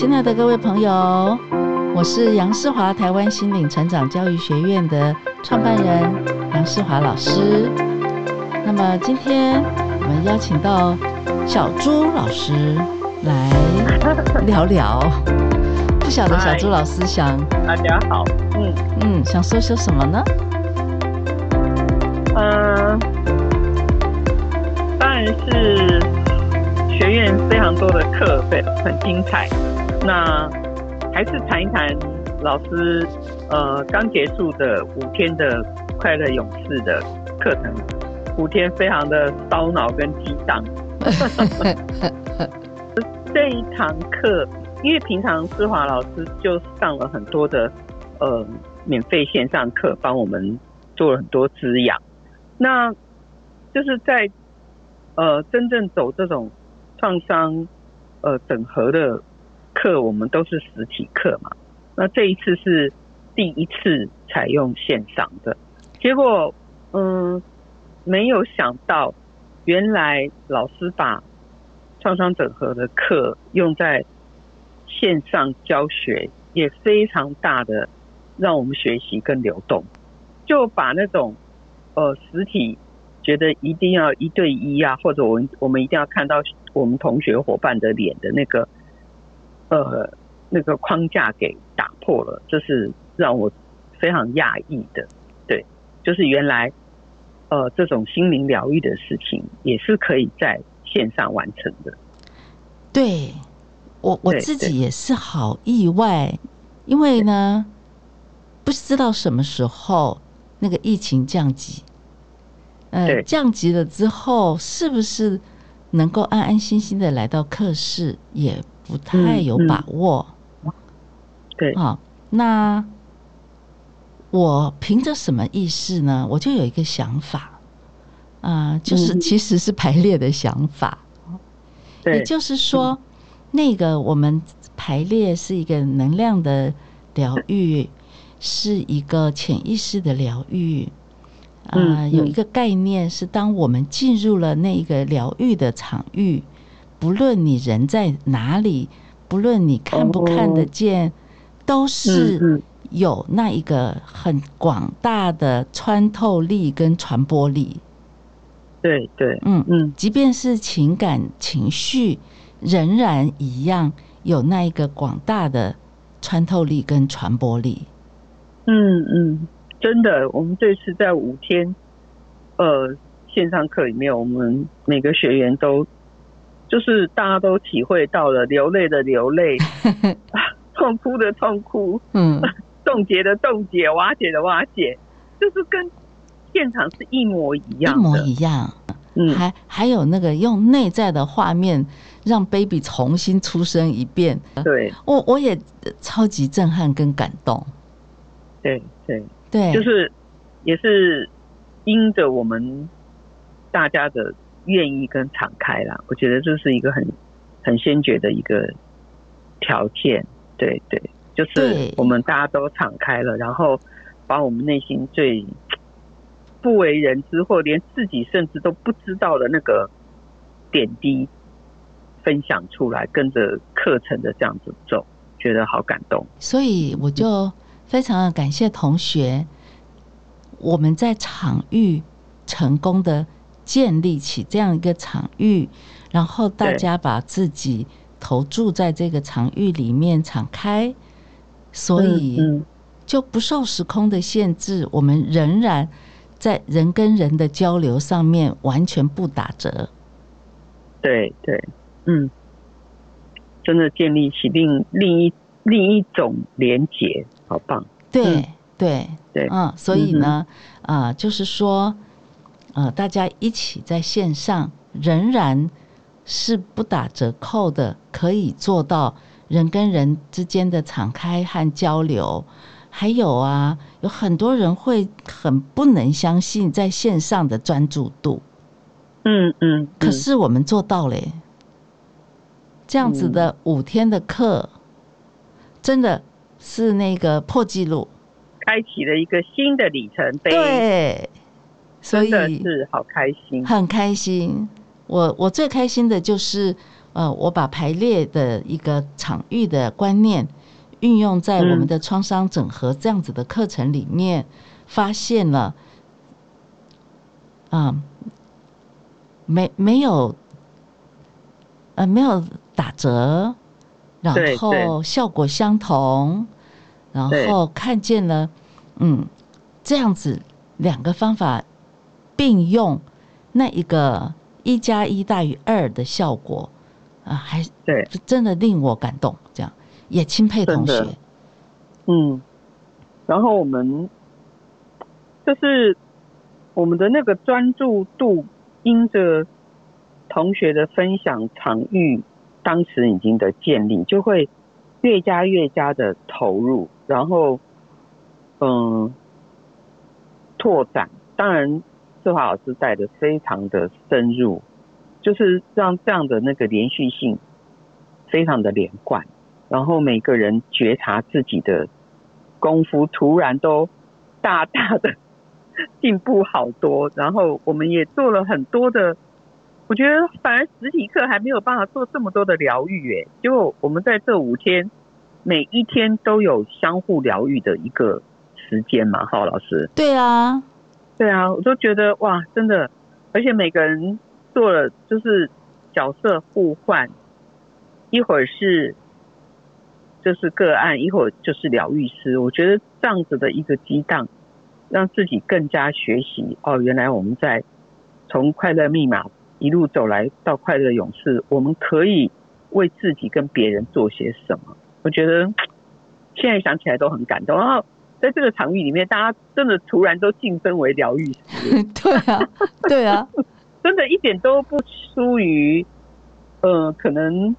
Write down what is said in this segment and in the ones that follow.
親愛的各位朋友，我是楊世華，台灣心靈成長教育學院的創辦人楊世華老師。那麼今天我們邀請到小朱老師來聊聊。 不曉得小朱老師想，大家好，嗯 Hi. 嗯，想說些什麼呢？嗯，uh, 當然是學院非常多的課，對，很精彩。那還是談一談老師呃剛結束的五天的快樂勇士的課程，五天非常的燒腦跟激盪。 這一堂課，因為平常世華老師就上了很多的呃免費線上課，幫我們做了很多滋養。那就是在呃真正走這種創傷呃整合的。課我們都是實體課嘛，那這一次是第一次採用線上的，結果，嗯，沒有想到，原來老師把創傷整合的課用在線上教學，也非常大的讓我們學習跟流動，就把那種呃實體覺得一定要一對一啊，或者我們我們一定要看到我們同學夥伴的臉的那個。呃，那個框架給打破了，這是讓我非常訝異的。對，就是原來呃，這種心靈療癒的事情也是可以在線上完成的。對，我我自己也是好意外，因為呢，不知道什麼時候那個疫情降級，呃，對降級了之後是不是能夠安安心心的來到客室也。不太有把握，嗯嗯、對、哦、那我憑着什麼意識呢？我就有一個想法，啊、呃，就是其實是排列的想法，嗯、也就是說，對那個我們排列是一個能量的療癒，嗯、是一個潛意識的療癒，啊、呃，嗯、有一個概念是，當我們進入了那個療癒的場域。不論你人在哪裡，不論你看不看得見，oh, 都是有那一個很廣大的穿透力跟傳播力。對對，嗯嗯，嗯，即便是情感情緒，仍然一樣有那一個廣大的穿透力跟傳播力。嗯嗯，真的，我們這次在五天，呃，線上課裡面，我們每個學員都。就是大家都體會到了流淚的流淚， 痛哭的痛哭，嗯，凍 結的凍結，瓦解的瓦解，就是跟現場是一模一樣，一模一樣。嗯，還還有那個用內在的畫面讓 Baby 重新出生一遍，對，我我也超級震撼跟感動。對對對，對對，就是也是因着我們大家的。願意跟敞開了，我覺得這是一個很很先決的一個條件。對對，就是我們大家都敞開了，對然後把我們內心最不為人知或連自己甚至都不知道的那個點滴分享出來，跟着課程的這樣子走，覺得好感動。所以我就非常的感謝同學，我們在場域成功的。建立起這樣一個場域，然後大家把自己投注在這個場域裡面，敞開，對所以就不受時空的限制。嗯、我們仍然在人跟人的交流上面完全不打折。對對，嗯，真的建立起另另一另一種連結，好棒！對對對，對對嗯，嗯，所以呢，啊、嗯，嗯、就是說。呃，大家一起在線上，仍然是不打折扣的，可以做到人跟人之間的敞開和交流。還有啊，有很多人會很不能相信在線上的專注度。嗯嗯，嗯嗯，可是我們做到了、欸。這樣子的五天的課，嗯、真的是那個破紀錄，開啟了一個新的里程碑。對。所以是好開心，很開心。我我最開心的就是，呃，我把排列的一個場域的觀念運用在我們的創傷整合這樣子的課程裡面，嗯、發現了，啊、呃，沒沒有，呃，沒有打折，然後效果相同，對對然後看見了，對嗯，這樣子兩個方法。併用那一個一加一大於二的效果啊，還對，真的令我感動，對這樣也欽佩同學。嗯，然後我們就是我們的那個專注度，因着同學的分享場域，當時已經的建立，就會越加越加的投入，然後嗯，拓展，當然。世華老師帶的非常的深入，就是讓這樣的那個連續性非常的連貫，然後每個人覺察自己的功夫突然都大大的進步好多，然後我們也做了很多的，我覺得反而實體課還沒有辦法做這麼多的療癒，哎，就我們在這五天每一天都有相互療癒的一個時間嘛，浩老師。對啊。對啊，我都覺得哇，真的，而且每個人做了就是角色互換，一會兒是就是個案，一會兒就是療癒師。我覺得這樣子的一個激盪，讓自己更加學習。哦，原來我們在從快樂密碼一路走來到快樂勇士，我們可以為自己跟別人做些什麼。我覺得現在想起來都很感動哦。在這個場域裡面，大家真的突然都晉升為療癒師， 對啊，對啊， 真的一點都不輸於，呃，可能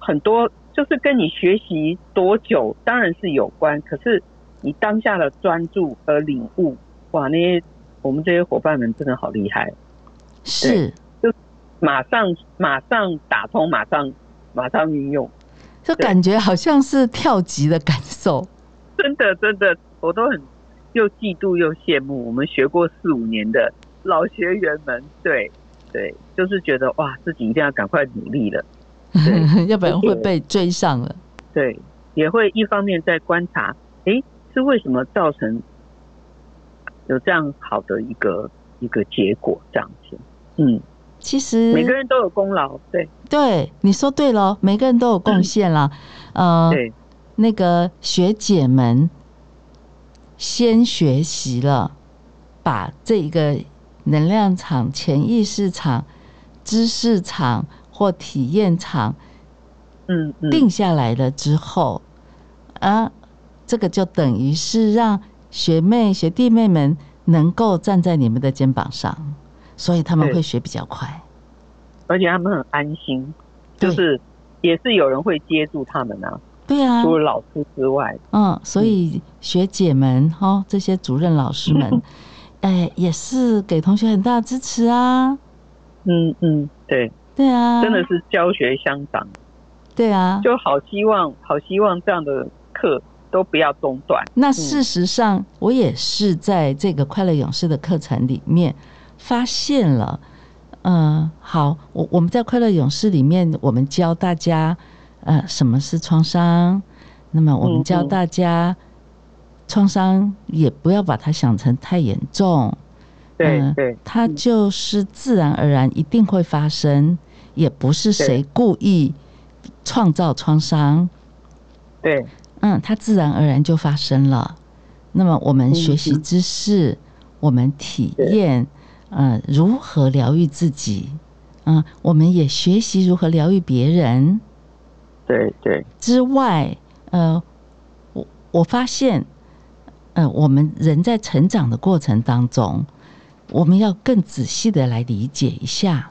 很多就是跟你學習多久當然是有關，可是你當下的專注和領悟，哇，那些我們這些夥伴們真的好厲害，是，就馬上馬上打通，馬上馬上運用，就感覺好像是跳級的感受。真的，真的，我都很，又嫉妒又羨慕。我們學過四五年的老學員們，對對，就是覺得哇，自己一定要趕快努力了， 要不然會被追上了對。對，也會一方面在觀察，誒、欸，是為什麼造成有這樣好的一個一個結果？這樣子，嗯，其實每個人都有功勞，對對，你說對了，每個人都有貢獻了，對嗯。對那個學姐們先學習了，把這一個能量場、潛意識場、知識場或體驗場，嗯，定下來了之後，嗯嗯、啊，這個就等於是讓學妹、學弟妹們能夠站在你們的肩膀上，所以他們會學比較快，而且他們很安心，對就是也是有人會接住他們啊。對啊，除了老師之外，嗯，所以學姐們哈，嗯、這些主任老師們，哎、欸，也是給同學很大的支持啊。嗯嗯，對，對啊，真的是教學相長。對啊，就好希望，好希望這樣的課都不要中斷。那事實上，嗯、我也是在這個快樂勇士的課程裡面發現了，嗯、呃，好，我我們在快樂勇士裡面，我們教大家。呃，什麼是創傷？那麼我們教大家，創傷、嗯嗯、也不要把它想成太嚴重對。對，對，呃，它就是自然而然一定會發生，嗯、也不是誰故意創造創傷。對，嗯，它自然而然就發生了。那麼我們學習知識，嗯嗯，我們體驗，對呃，如何療癒自己？嗯、呃，我們也學習如何療癒別人。對對，之外，呃，我我發現，呃，我們人在成長的過程當中，我們要更仔細的來理解一下，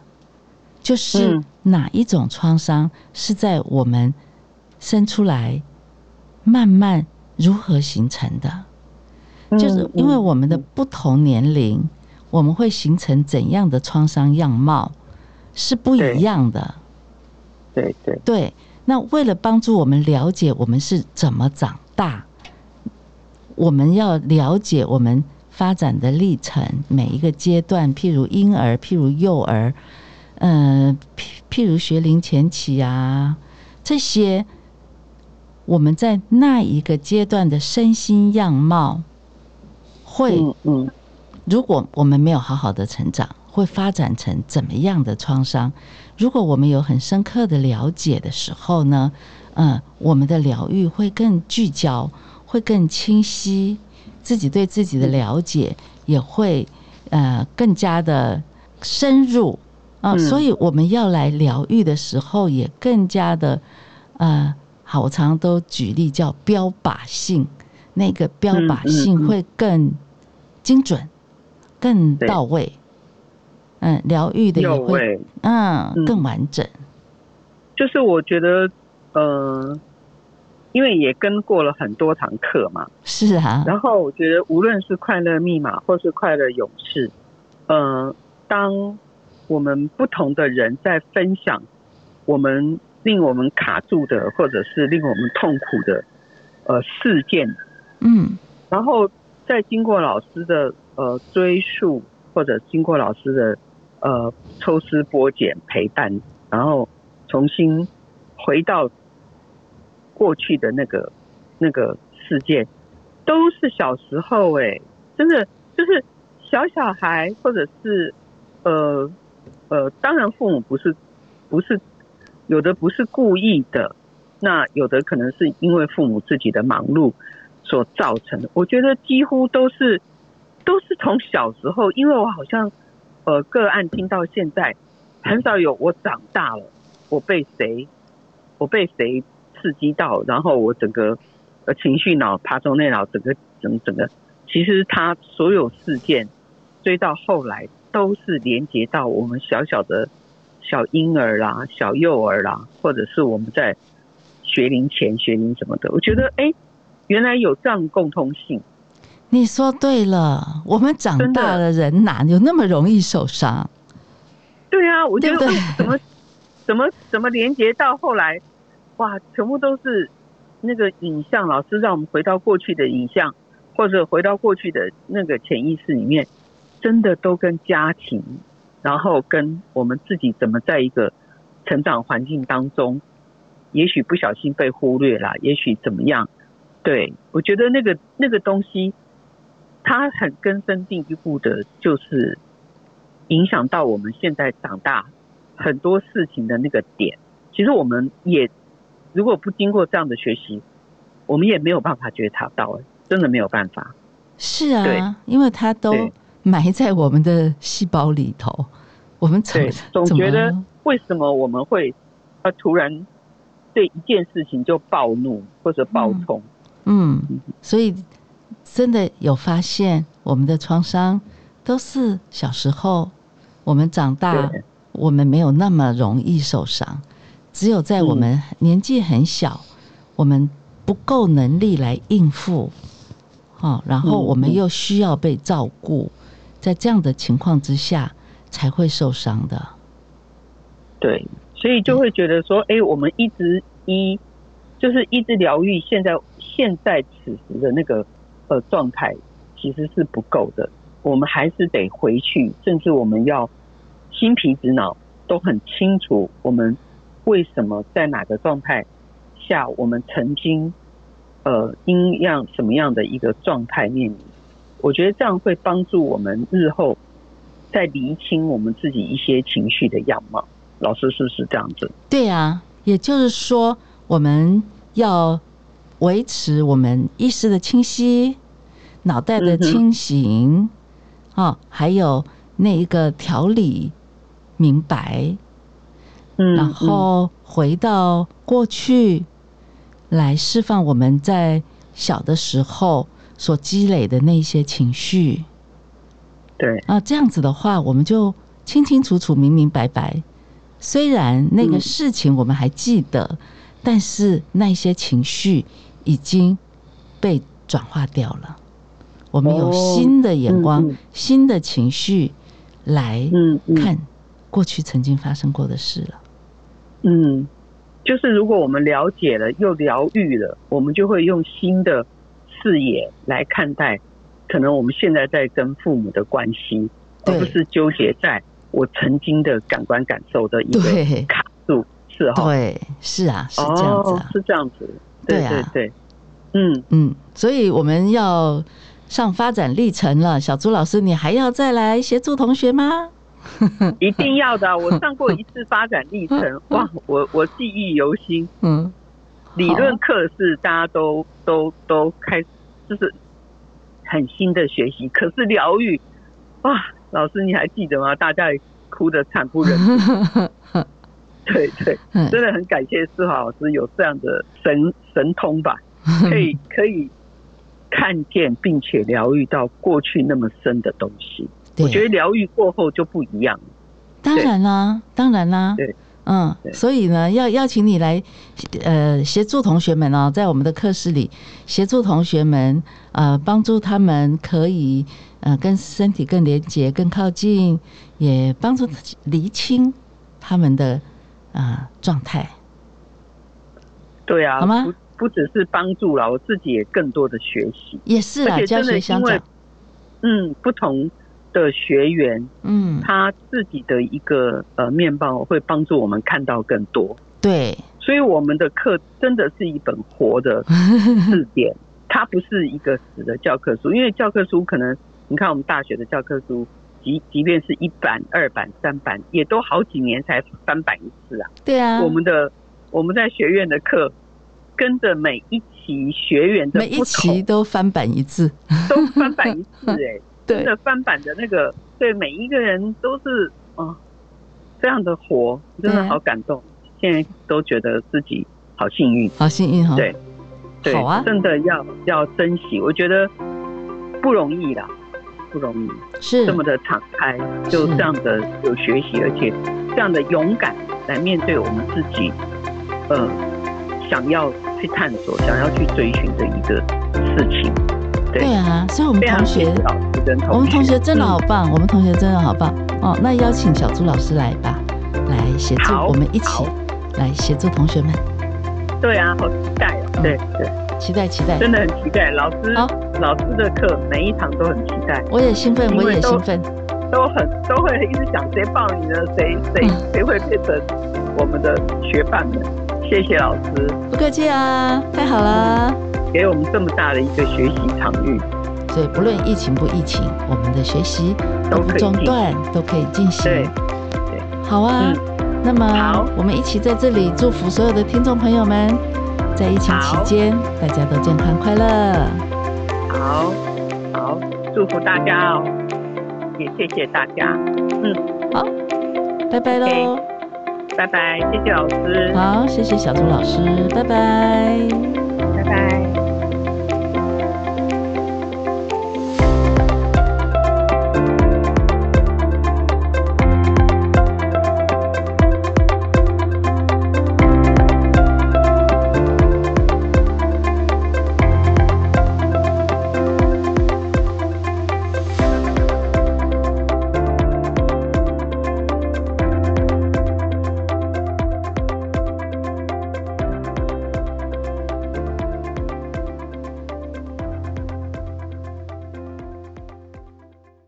就是哪一種創傷是在我們生出來，慢慢如何形成的？嗯，就是因為我們的不同年齡，我們會形成怎樣的創傷樣貌是不一樣的。對對對。對那為了幫助我們了解我們是怎麼長大，我們要了解我們發展的歷程，每一個階段，譬如嬰兒，譬如幼兒，嗯、呃，譬譬如學齡前期啊，這些我們在那一個階段的身心樣貌會，會嗯，嗯如果我們沒有好好的成長。會發展成怎麼樣的創傷？如果我們有很深刻的了解的時候呢？嗯、呃，我們的療癒會更聚焦，會更清晰，自己對自己的了解也會呃更加的深入啊。呃嗯、所以我們要來療癒的時候，也更加的呃，好，我常都舉例叫標靶性，那個標靶性會更精準、嗯嗯嗯、更到位。嗯，療癒的也會，位嗯，嗯更完整。就是我覺得，呃，因為也跟過了很多堂課嘛，是啊。然後我覺得，無論是快樂密碼或是快樂勇士，嗯、呃，當我們不同的人在分享我們令我們卡住的，或者是令我們痛苦的呃事件，嗯，然後再經過老師的呃追溯，或者經過老師的。呃，抽絲剝繭陪伴，然後重新回到過去的那個那個事件，都是小時候哎、欸，真的就是小小孩，或者是呃呃，當然父母不是不是有的不是故意的，那有的可能是因為父母自己的忙碌所造成的。我覺得幾乎都是都是從小時候，因為我好像。呃，個案聽到現在，很少有我長大了，我被誰，我被誰刺激到，然後我整個呃情緒腦、爬蟲類腦整個整整個，其實他所有事件追到後來，都是連接到我們小小的、小嬰兒啦、小幼兒啦，或者是我們在學齡前、學齡什麼的。我覺得，誒、欸，原來有這樣共通性。你說對了，我們長大的人哪有那麼容易受傷？對啊，我覺得對對怎麼怎麼怎麼連接到後來，哇，全部都是那個影像，老師讓我們回到過去的影像，或者回到過去的那個潛意識裡面，真的都跟家庭，然後跟我們自己怎麼在一個成長環境當中，也許不小心被忽略了，也許怎麼樣？對我覺得那個那個東西。它很根深蒂固的，就是影響到我們現在長大很多事情的那個點。其實我們也如果不經過這樣的學習，我們也沒有辦法覺察到，真的沒有辦法。是啊，對，因為它都埋在我們的細胞裡頭。對我們總總覺得為什麼我們會、啊呃、突然對一件事情就暴怒或者暴衝、嗯？嗯，嗯哼所以。真的有發現，我們的創傷都是小時候。我們長大，對我們沒有那麼容易受傷，只有在我們年紀很小，嗯、我們不夠能力來應付，哦，然後我們又需要被照顧，嗯、在這樣的情況之下才會受傷的。對，所以就會覺得說，哎、欸，我們一直一就是一直療癒，現在現在此時的那個。呃，狀態其實是不夠的，我們還是得回去，甚至我們要心皮直腦都很清楚，我們為什麼在哪個狀態下，我們曾經呃應讓什麼樣的一個狀態面臨？我覺得這樣會幫助我們日後再釐清我們自己一些情緒的樣貌。老師是不是這樣子？對啊，也就是說我們要。維持我們意識的清晰，腦袋的清醒，哦、mm hmm. 啊，還有那一個條理明白，mm hmm. 然後回到過去，來釋放我們在小的時候所積累的那些情緒，對、mm hmm. 啊，這樣子的話，我們就清清楚楚、明明白白。雖然那個事情我們還記得，mm hmm. 但是那些情緒。已經被轉化掉了。我們有新的眼光、哦嗯、新的情緒來看過去曾經發生過的事了。嗯，就是如果我們了解了，又療癒了，我們就會用新的視野來看待可能我們現在在跟父母的關係，對而不是糾結在我曾經的感官感受的一個卡住。對是啊好，是啊，是這樣子、啊哦，是這樣子。對啊，對，對，對，嗯嗯，所以我們要上發展歷程了。小朱老師，你還要再來協助同學嗎？ 一定要的，我上過一次發展歷程， 哇，我我記憶猶新。嗯，理論課是大家都都都開，就是很新的學習。可是療癒，哇，老師你還記得嗎？大家哭得慘不忍睹。 對對，真的很感謝世華老師有這樣的神神通吧，可以可以看見並且療癒到過去那麼深的東西。 我覺得療癒過後就不一樣當、啊，當然啦、啊，當然啦，對，嗯，對所以呢，要邀請你來，呃，協助同學們哦，在我們的課室裡協助同學們，呃，幫助他們可以呃跟身體更連結更靠近，也幫助釐清他們的。啊，狀態、嗯，對啊，好嗎？不不只是幫助了我自己，也更多的學習，也是，而且真的教學相長。因為，嗯，不同的學員，嗯，他自己的一個呃麵包會幫助我們看到更多。對，所以我們的課真的是一本活的字典， 它不是一個死的教科書，因為教科書可能你看我們大學的教科書。即即便是一版、二版、三版，也都好幾年才翻版一次啊！對啊，我們的我們在學院的課，跟着每一期學員的每一期都翻版一次，都翻版一次哎、欸！ 對真的翻版的那個，對每一個人都是啊、哦，這樣的活真的好感動，啊、現在都覺得自己好幸運，好幸運、哦，對，好啊！真的要要珍惜，我覺得不容易啦。不容易，是這麼的敞開，是就這樣的有學習，是而且這樣的勇敢來面對我們自己，呃，想要去探索，想要去追尋的一個事情。對，對啊，所以我們同學老師跟同學，我們同學真的好棒，嗯、我們同學真的好棒哦。那邀請小朱老師來吧，來協助我們一起來協助同學們。同學們，對啊，好期待哦，嗯、對對，期待期待，真的很期待老師。好老師的課每一場都很期待，我也興奮，我也興奮，都很都會一直想誰抱你呢？誰誰誰會變成我們的學伴們？謝謝老師，不客氣啊，太好了，給我們這麼大的一個學習場域，所以不論疫情不疫情，我們的學習都不中斷，都可以進行。對，好啊，那麼我們一起在這裡祝福所有的聽眾朋友們，在疫情期間大家都健康快樂。好，好，祝福大家哦，也謝謝大家，嗯，好，拜拜嘍，okay, 拜拜，謝謝老師，好，謝謝小朱老師，拜拜，拜拜。